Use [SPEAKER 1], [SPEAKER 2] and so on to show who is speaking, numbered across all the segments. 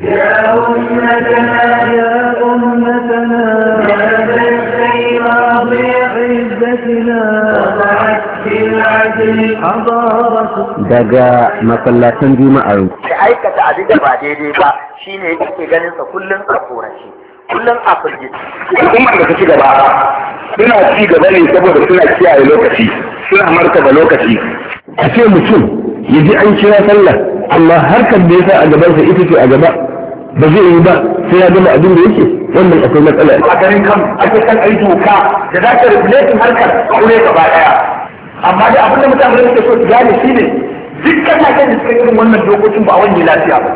[SPEAKER 1] daga masallacin يا أمتنا
[SPEAKER 2] aikata خيرا بعزتنا
[SPEAKER 1] ba daidai ba shine مصلاة ganin sa kullun بعدين با شيني يجي جنسة a firgici. Al'ummar da ta ci gaba suna ci gaba ne saboda suna kiyaye lokaci,
[SPEAKER 3] suna martaba lokaci. A ce mutum yaji an kira sallah, amma harkar da yasa a gaban sa ita ce a gaba. ba zai yi ba sai ya gama abin da yake wannan akwai matsala a garin kan ake kan ai doka da za ka regulate harkar aure gaba daya amma da abin da mutane da suke so su gane ne, dukkan na kan da suka irin wannan dokokin ba wani lafiya ba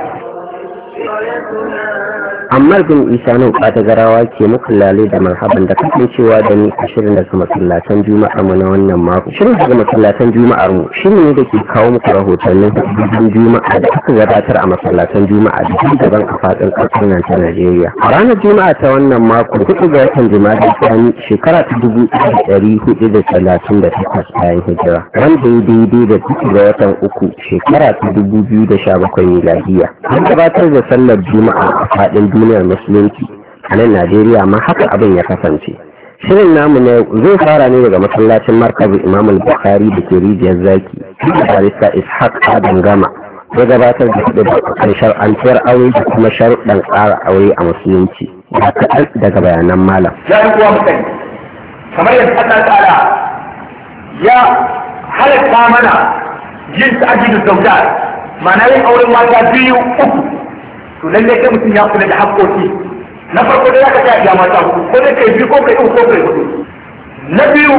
[SPEAKER 1] Amma, bin Isa nan ɓata garawa ke muku lalai da marhaban da cewa da ni a shirin daga masallatan Juma'ar mu na wannan mako. Shirin daga masallatan Juma'ar mu shirin ne da ke kawo muku rahotannin hukumomin Juma'a da aka gabatar a masallatan Juma'a da ke daban a faɗin ƙasar nan ta Najeriya. A ranar Juma'a ta wannan mako hudu ga watan Jima'a Sani shekara ta dubu ɗaya ɗari hudu da talatin da takwas bayan hijira wanda ya daidai da duk ga watan uku shekara ta dubu biyu da sha bakwai miladiya. An gabatar da sallar Juma'a a faɗin duniyar musulunci a nan najeriya ma haka abin ya kasance shirin namu ne zai fara ne daga masallacin markazin imam bukhari da ke rijiyar zaki da barista ishaq adam gama ya gabatar da kuɗi da kan shar'antiyar aure da kuma sharuɗan tsara aure a musulunci da kaɗan daga bayanan malam.
[SPEAKER 3] ya yi kuwa mutane kamar yadda allah tsara ya halatta mana yin ta'ajidu zauda ma'ana yin auren mata biyu uku to lalle kai mutum ya kula da haƙƙoƙi na farko da zaka ta ya mata ko dai kai biyu ko kai uku ko kai hudu na biyu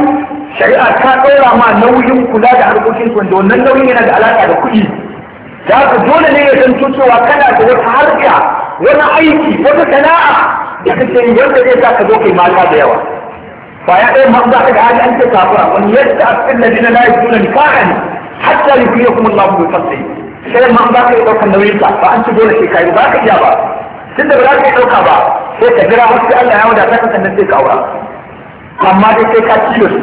[SPEAKER 3] shari'a ta ɗora ma nauyin kula da harkokin wanda wannan nauyin yana da alaƙa da kuɗi da ka dole ne ya san cewa kana da wata harka wani aiki wata sana'a da kake yi wanda zai sa ka zo kai mata da yawa ya ɗaya ma za ka ga hali an ce kafura wani yadda a cikin ladina la yajuna nikahan hatta yufiyakum Allahu bi fadlihi kai ma ba ka yi ɗaukar nauyin ka ba an ci dole sai kai ba ka iya ba tun da ba za ka yi ɗauka ba sai ka jira wasu Allah ya wada ta ka sannan sai ka aura amma dai sai ka ci da su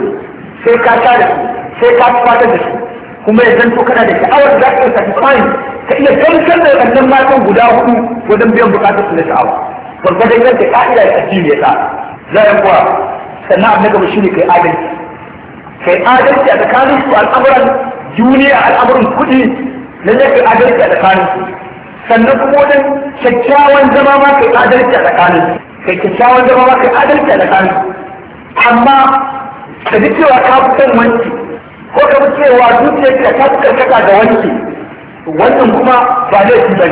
[SPEAKER 3] sai ka sha da su sai ka fata da su kuma idan to kana da sha'awar da za ka yi satisfying ka iya gamsar da wannan matan guda hudu wajen biyan bukatar su na sha'awa gwargwadon ka ka'ida ya addini ne sa zai kuwa sannan abu na gaba ne kai adalci kai adalci a tsakanin su al'amuran duniya al'amuran kuɗi lalle kai adalci a tsakanin su sannan kuma wajen kyakkyawan zama ma kai adalci a tsakanin su kai kyakkyawan zama ma kai adalci a tsakanin su amma ka ji cewa ka fi son wanki ko ka fi cewa zuciyarka ta fi karkata da wanki wannan kuma ba zai fi ne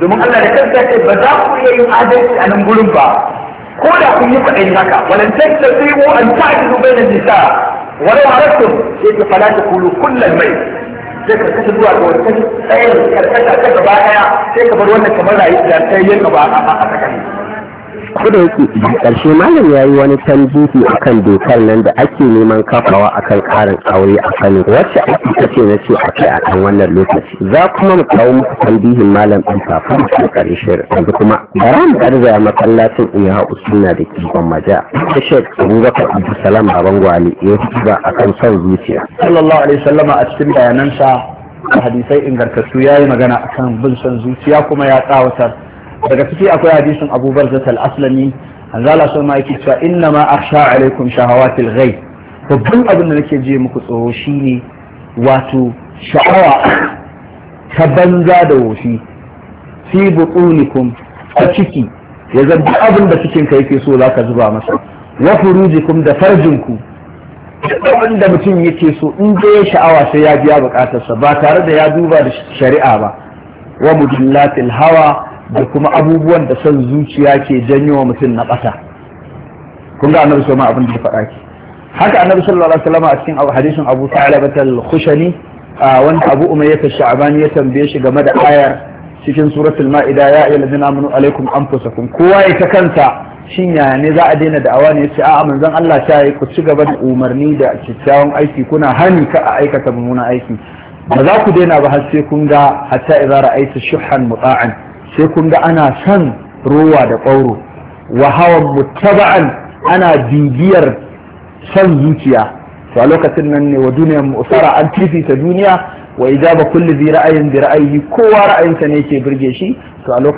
[SPEAKER 3] domin Allah da kansa ce ba za ku iya yin adalci a nan gurin ba ko da kun yi kwaɗayin haka walan ko an ta'adilu bainan nisa ولو عرفتم شيء فلا تقولوا kullum mai. sai ka kasa zuwa ga wani kashi tsayin karkata ta gaba daya sai ka bar wannan kamar rayu da ta yi yanka ba a tsakani
[SPEAKER 1] Kuda da yake karshe malam ya yi wani a kan dokar nan da ake neman kafawa akan karin aure a kano wacce ake kace na ce akai a kan wannan lokaci za kuma mu kawo muku tambihin malam ɗin kafin mu kare shirin yanzu kuma bara mu garzaya masallacin iya suna da ke gwammaja da shek abubakar Salam baban gwali ya fi ba a kan son zuciya
[SPEAKER 2] sallallahu alaihi sallama, a cikin bayanansa a hadisai ingantattu ya yi magana akan bin son zuciya kuma ya tsawatar daga ciki akwai hadisin Abu Barzah al-Aslami anzala sun ma yake cewa inna ma sha alaikum shahawatil ghaib babban abin da nake je muku tsoro shine wato sha'awa ta banza da wofi fi butunikum a ciki ya zabi abin da cikin ka yake so zaka zuba masa wa furujikum da farjinku abin da mutum yake so in dai ya sha'awa sai ya biya bukatarsa ba tare da ya duba da shari'a ba wa mudillatil hawa da kuma abubuwan da son zuciya ke janyo wa mutum na ɓata kun ga annabi soma abin da ya faɗa ki haka annabi sallallahu alaihi wasallam a cikin hadisin Abu Talib al-Khushani wanda Abu Umayyah al-Sha'bani ya tambaye shi game da ayar cikin suratul ma'ida ya ayyuhal ladina amanu alaikum anfusakum kowa ya ta kansa shin ya ne za a daina da'awa ne sai a'a manzon Allah ta yi ku ci gaba da umarni da kyakkyawan aiki kuna hani ka a aikata mummunan aiki ba za ku daina ba har sai kun ga hatta idza ra'aytu shuhan muta'an sai kun ga ana son rowa da ƙwauro wa hawan muttaba'an ana bibiyar son zuciya to a lokacin nan ne wa duniyar musara an fifita duniya wa ijaba kulli zai ra'ayin bi ra'ayi kowa ra'ayinsa ne ke birge shi to a lokacin